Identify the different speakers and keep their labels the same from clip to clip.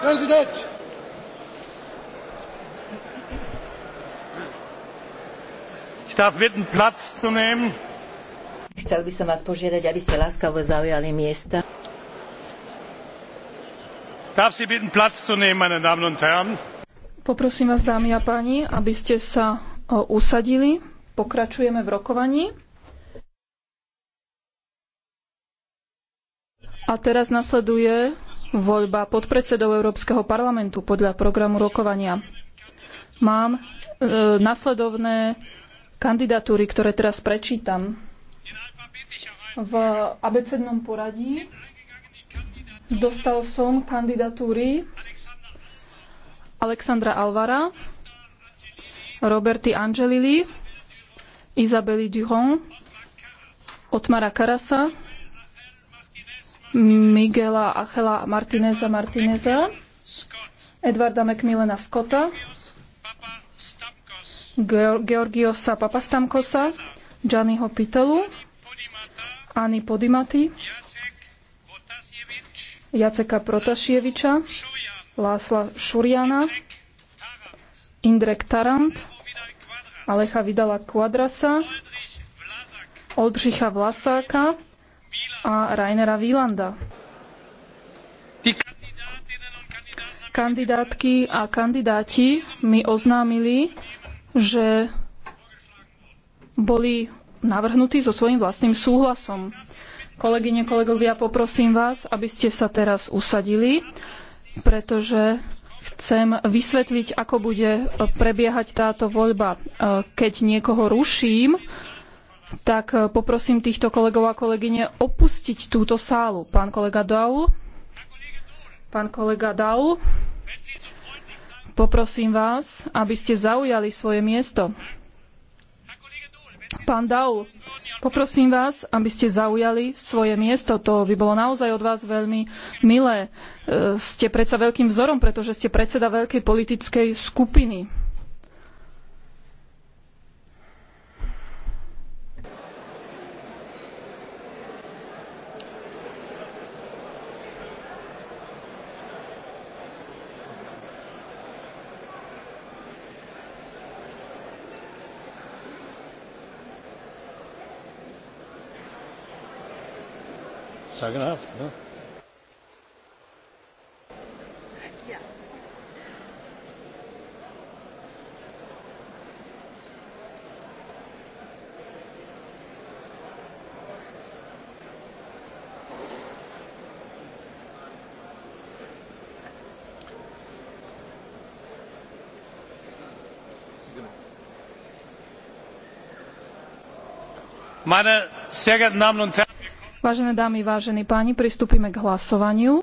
Speaker 1: President! Ich darf bitten, Platz zu nehmen. Chcel by som vás požiadať, aby ste láskavo zaujali miesta. Darf Sie bitten, Platz zu nehmen, meine Damen und Herren. Poprosím vás, dámy a páni, aby ste sa usadili. Pokračujeme v rokovaní. A teraz nasleduje voľba podpredsedov Európskeho parlamentu podľa programu rokovania. Mám e, nasledovné kandidatúry, ktoré teraz prečítam v abecednom poradí. Dostal som kandidatúry Alexandra Alvara, Roberty Angelili, Izabely Durand, Otmara Karasa, Miguela Achela Martineza Martineza, Edvarda Macmillana Scotta, Georgiosa Papastamkosa, Gianniho Pitelu, Ani Podimati, Jaceka Protašieviča, Lásla Šuriana, Indrek Tarant, Alecha Vidala Kvadrasa, Oldřicha Vlasáka, a Rainera Wielanda. Kandidátky a kandidáti mi oznámili, že boli navrhnutí so svojím vlastným súhlasom. Kolegyne, kolegovia, poprosím vás, aby ste sa teraz usadili, pretože chcem vysvetliť, ako bude prebiehať táto voľba. Keď niekoho ruším, tak e, poprosím týchto kolegov a kolegyne opustiť túto sálu. Pán kolega Daul. Pán kolega Daul. Poprosím vás, aby ste zaujali svoje miesto. Pán Daul, poprosím vás, aby ste zaujali svoje miesto. To by bolo naozaj od vás veľmi milé. E, ste predsa veľkým vzorom, pretože ste predseda veľkej politickej skupiny. Sagnaft. Ne? Ja. Meine sehr geehrten Damen und Herren, Vážené dámy, vážení páni, pristúpime k hlasovaniu.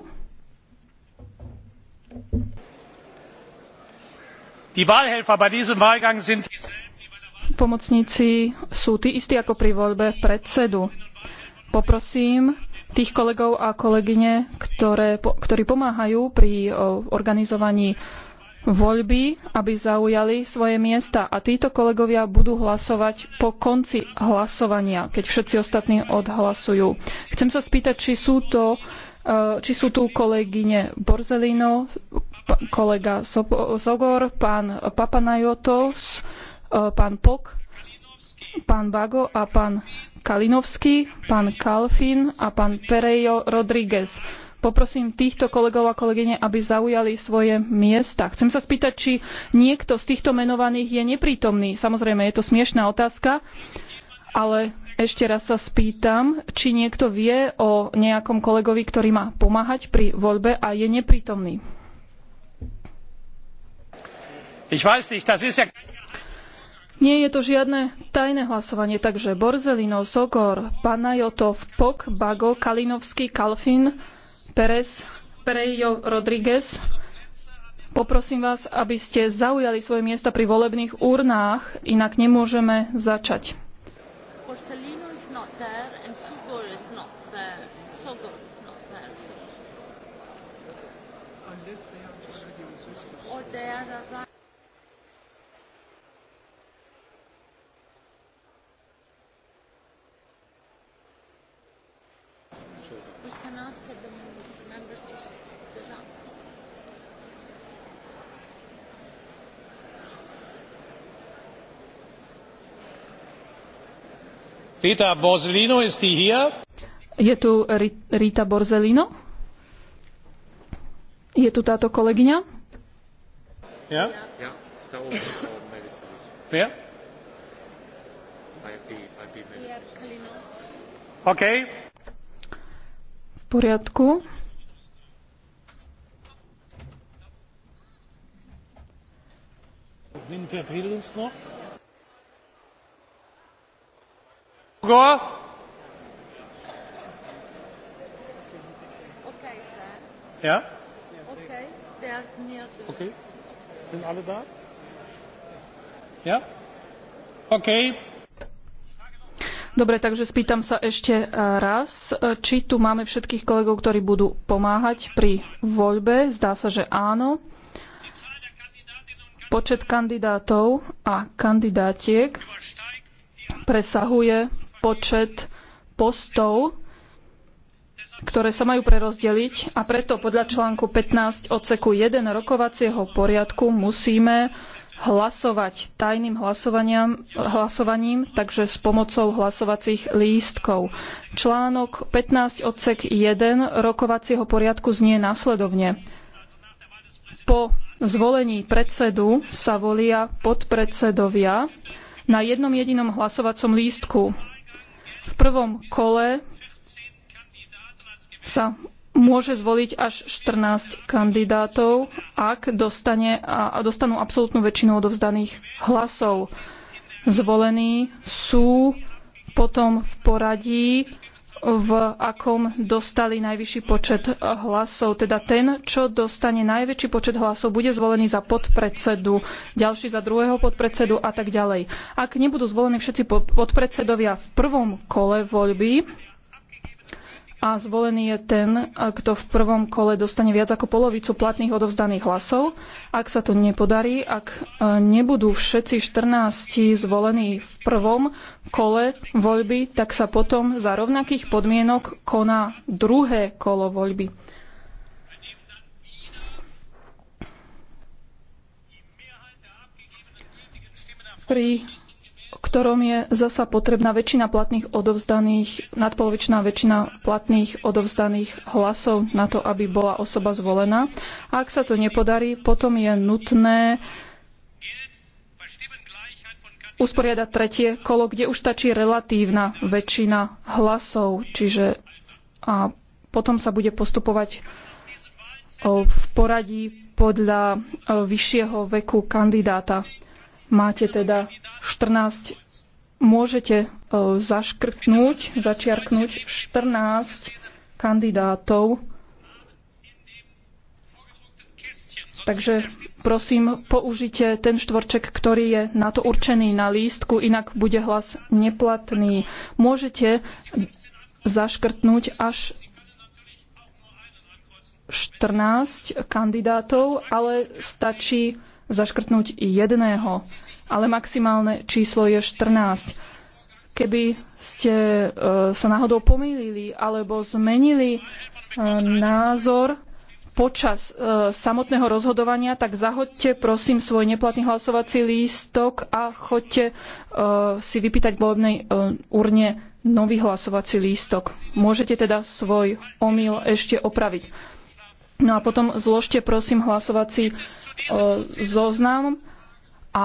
Speaker 1: Pomocníci sú tí istí ako pri voľbe predsedu. Poprosím tých kolegov a kolegyne, ktoré, ktorí pomáhajú pri organizovaní voľby, aby zaujali svoje miesta. A títo kolegovia budú hlasovať po konci hlasovania, keď všetci ostatní odhlasujú. Chcem sa spýtať, či sú, to, e, či sú tu kolegyne Borzelino, kolega Sogor, pán Papanajotos, e, pán Pok, pán Bago a pán Kalinovský, pán Kalfin a pán Perejo Rodríguez. Poprosím týchto kolegov a kolegyne, aby zaujali svoje miesta. Chcem sa spýtať, či niekto z týchto menovaných je neprítomný. Samozrejme, je to smiešná otázka, ale ešte raz sa spýtam, či niekto vie o nejakom kolegovi, ktorý má pomáhať pri voľbe a je neprítomný. Ich weiß nicht, das ist ja... Nie je to žiadne tajné hlasovanie, takže borzelino, Sokor, Panajotov, Pok, Bago, Kalinovský, Kalfin, Pérez, Perejo Rodríguez, poprosím vás, aby ste zaujali svoje miesta pri volebných urnách, inak nemôžeme začať. they are Rita Borsellino, ist die hier? Je tu Rita Borsellino? Je tu táto kolegyňa? Ja? Ja. Wer? OK. V poriadku. Wen verfehlt uns noch? Go. Okay, ja? Okay, der near the... Okay. Sind alle da? Ja? Okay. Dobre, takže spýtam sa ešte eh, raz, eh, či tu máme všetkých kolegov, ktorí budú pomáhať pri voľbe. Zdá sa, že áno. Počet kandidátov a kandidátiek presahuje počet postov, ktoré sa majú prerozdeliť a preto podľa článku 15 odseku 1 rokovacieho poriadku musíme hlasovať tajným hlasovaním, takže s pomocou hlasovacích lístkov. Článok 15 odsek 1 rokovacieho poriadku znie následovne. Po zvolení predsedu sa volia podpredsedovia na jednom jedinom hlasovacom lístku. V prvom kole sa môže zvoliť až 14 kandidátov, ak dostane, a dostanú absolútnu väčšinu odovzdaných hlasov. Zvolení sú potom v poradí v akom dostali najvyšší počet hlasov. Teda ten, čo dostane najväčší počet hlasov, bude zvolený za podpredsedu, ďalší za druhého podpredsedu a tak ďalej. Ak nebudú zvolení všetci podpredsedovia v prvom kole voľby, a zvolený je ten, kto v prvom kole dostane viac ako polovicu platných odovzdaných hlasov. Ak sa to nepodarí, ak e, nebudú všetci 14 zvolení v prvom kole voľby, tak sa potom za rovnakých podmienok koná druhé kolo voľby. Pri ktorom je zasa potrebná väčšina platných odovzdaných, nadpolovičná väčšina platných odovzdaných hlasov na to, aby bola osoba zvolená. A ak sa to nepodarí, potom je nutné usporiadať tretie kolo, kde už stačí relatívna väčšina hlasov, čiže a potom sa bude postupovať v poradí podľa vyššieho veku kandidáta. Máte teda 14 môžete e, zaškrtnúť, začiarknúť 14 kandidátov. Takže prosím, použite ten štvorček, ktorý je na to určený na lístku, inak bude hlas neplatný. Môžete zaškrtnúť až 14 kandidátov, ale stačí zaškrtnúť jedného ale maximálne číslo je 14. Keby ste e, sa náhodou pomýlili alebo zmenili e, názor počas e, samotného rozhodovania, tak zahoďte prosím svoj neplatný hlasovací lístok a choďte si vypýtať v volebnej urne nový hlasovací lístok. Môžete teda svoj omyl ešte opraviť. No a potom zložte prosím hlasovací zoznam a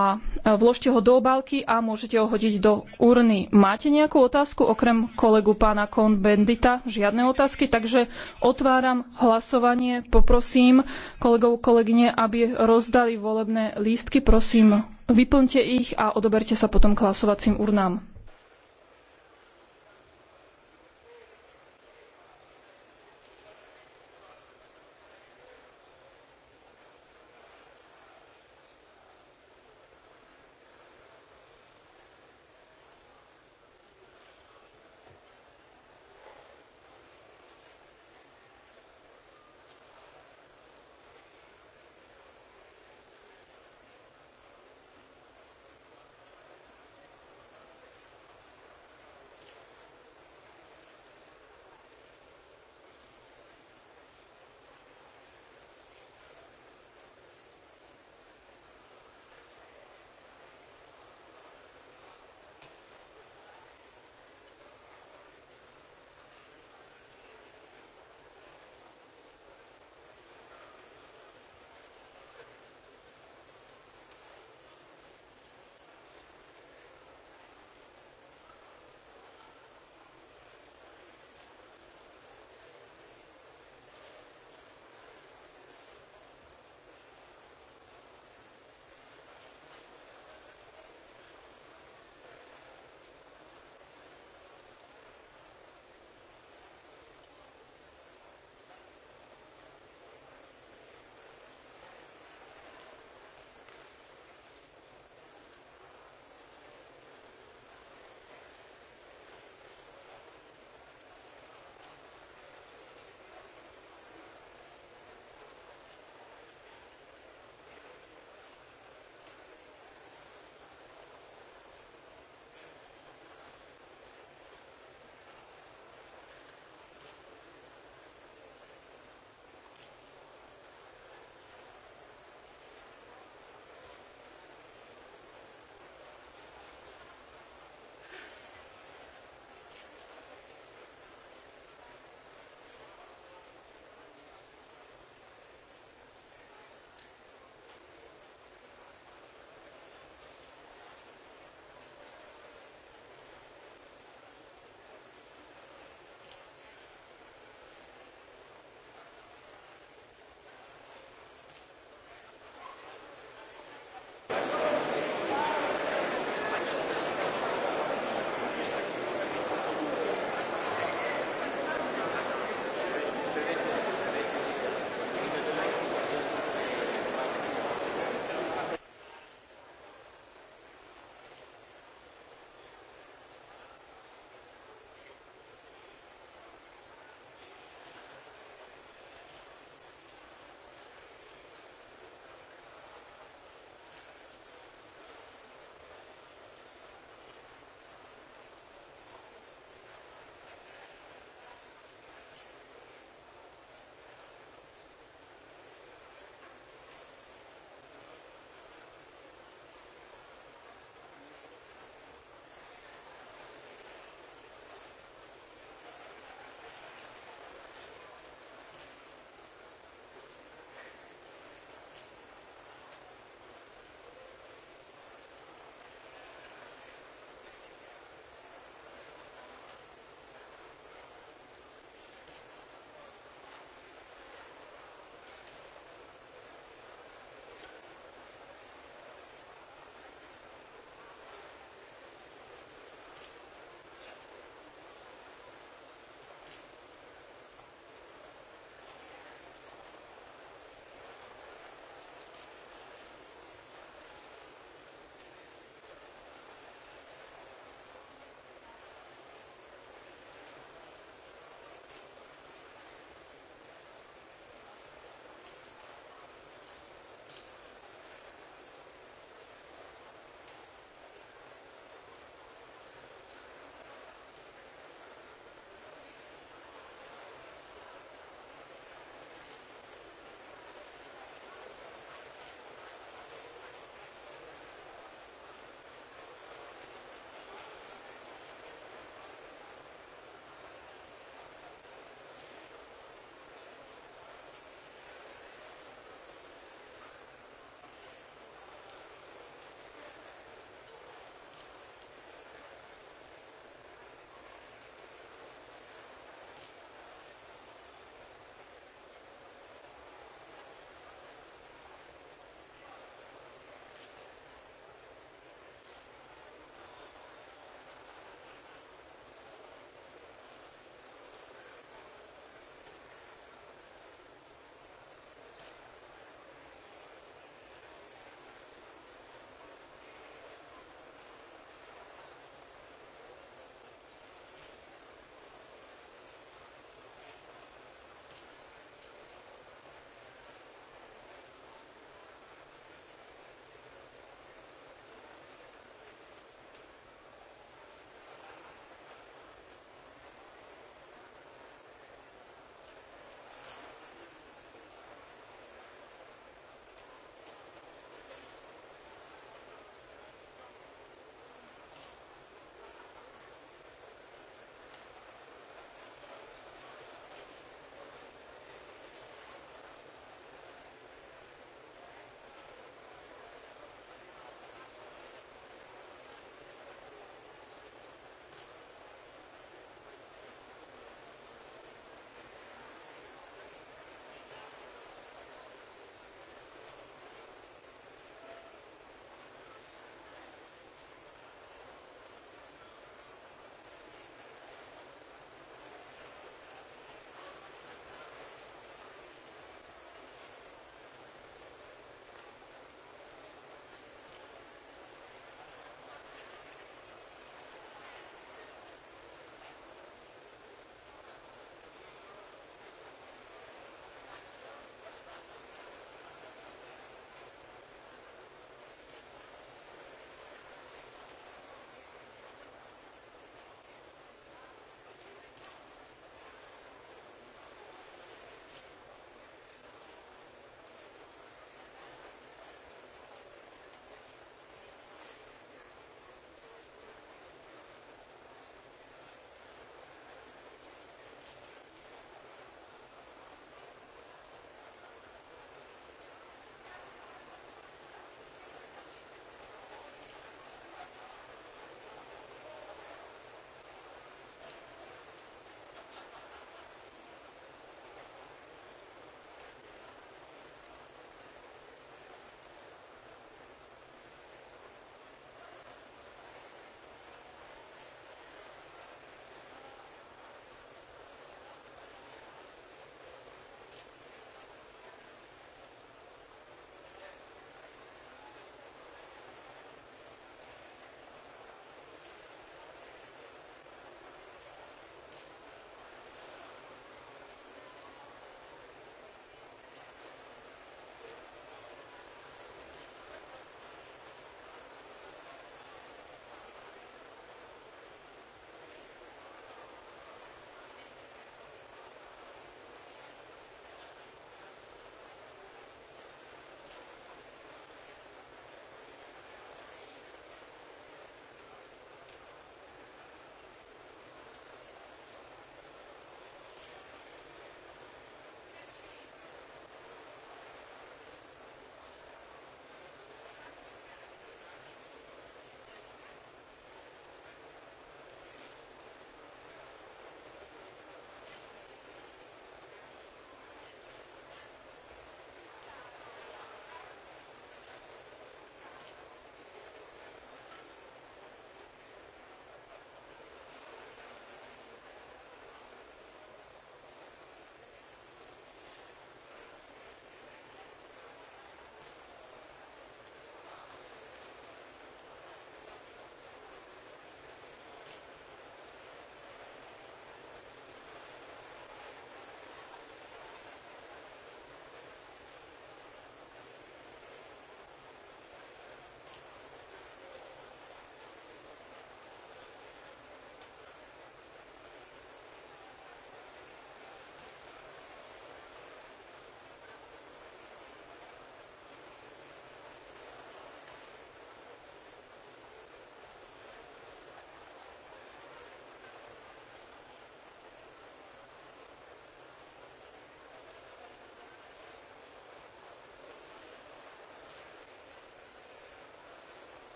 Speaker 1: vložte ho do obálky a môžete ho hodiť do urny. Máte nejakú otázku okrem kolegu pána Kohn Bendita? Žiadne otázky, takže otváram hlasovanie. Poprosím kolegov, kolegyne, aby rozdali volebné lístky. Prosím, vyplňte ich a odoberte sa potom k hlasovacím urnám.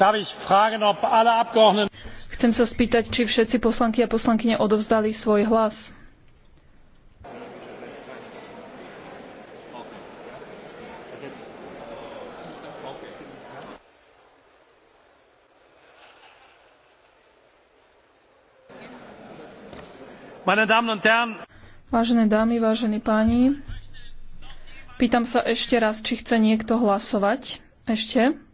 Speaker 1: Chcem sa spýtať, či všetci poslanky a poslankyne odovzdali svoj hlas. Vážené dámy, vážení páni, pýtam sa ešte raz, či chce niekto hlasovať. Ešte.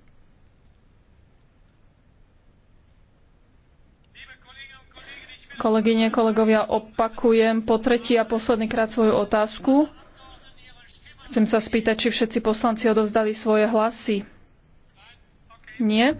Speaker 1: Kolegyne, kolegovia, opakujem po tretí a posledný krát svoju otázku. Chcem sa spýtať, či všetci poslanci odovzdali svoje hlasy. Nie?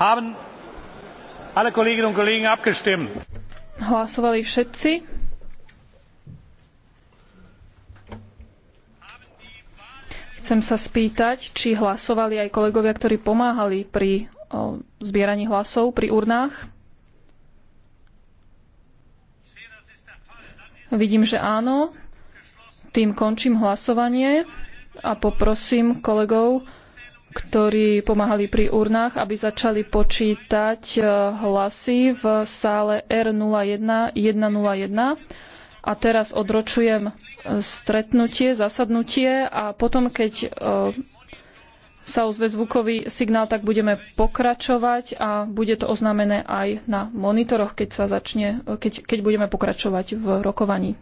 Speaker 1: haben alle Kolleginnen und Kollegen abgestimmt? Hlasovali všetci. Chcem sa spýtať, či hlasovali aj kolegovia, ktorí pomáhali pri zbieraní hlasov pri urnách. Vidím, že áno. Tým končím hlasovanie a poprosím kolegov, ktorí pomáhali pri urnách, aby začali počítať eh, hlasy v sále R01 101. A teraz odročujem eh, stretnutie, zasadnutie a potom, keď eh, sa ozve zvukový signál, tak budeme pokračovať a bude to oznámené aj na monitoroch, keď, sa začne, keď, keď budeme pokračovať v rokovaní.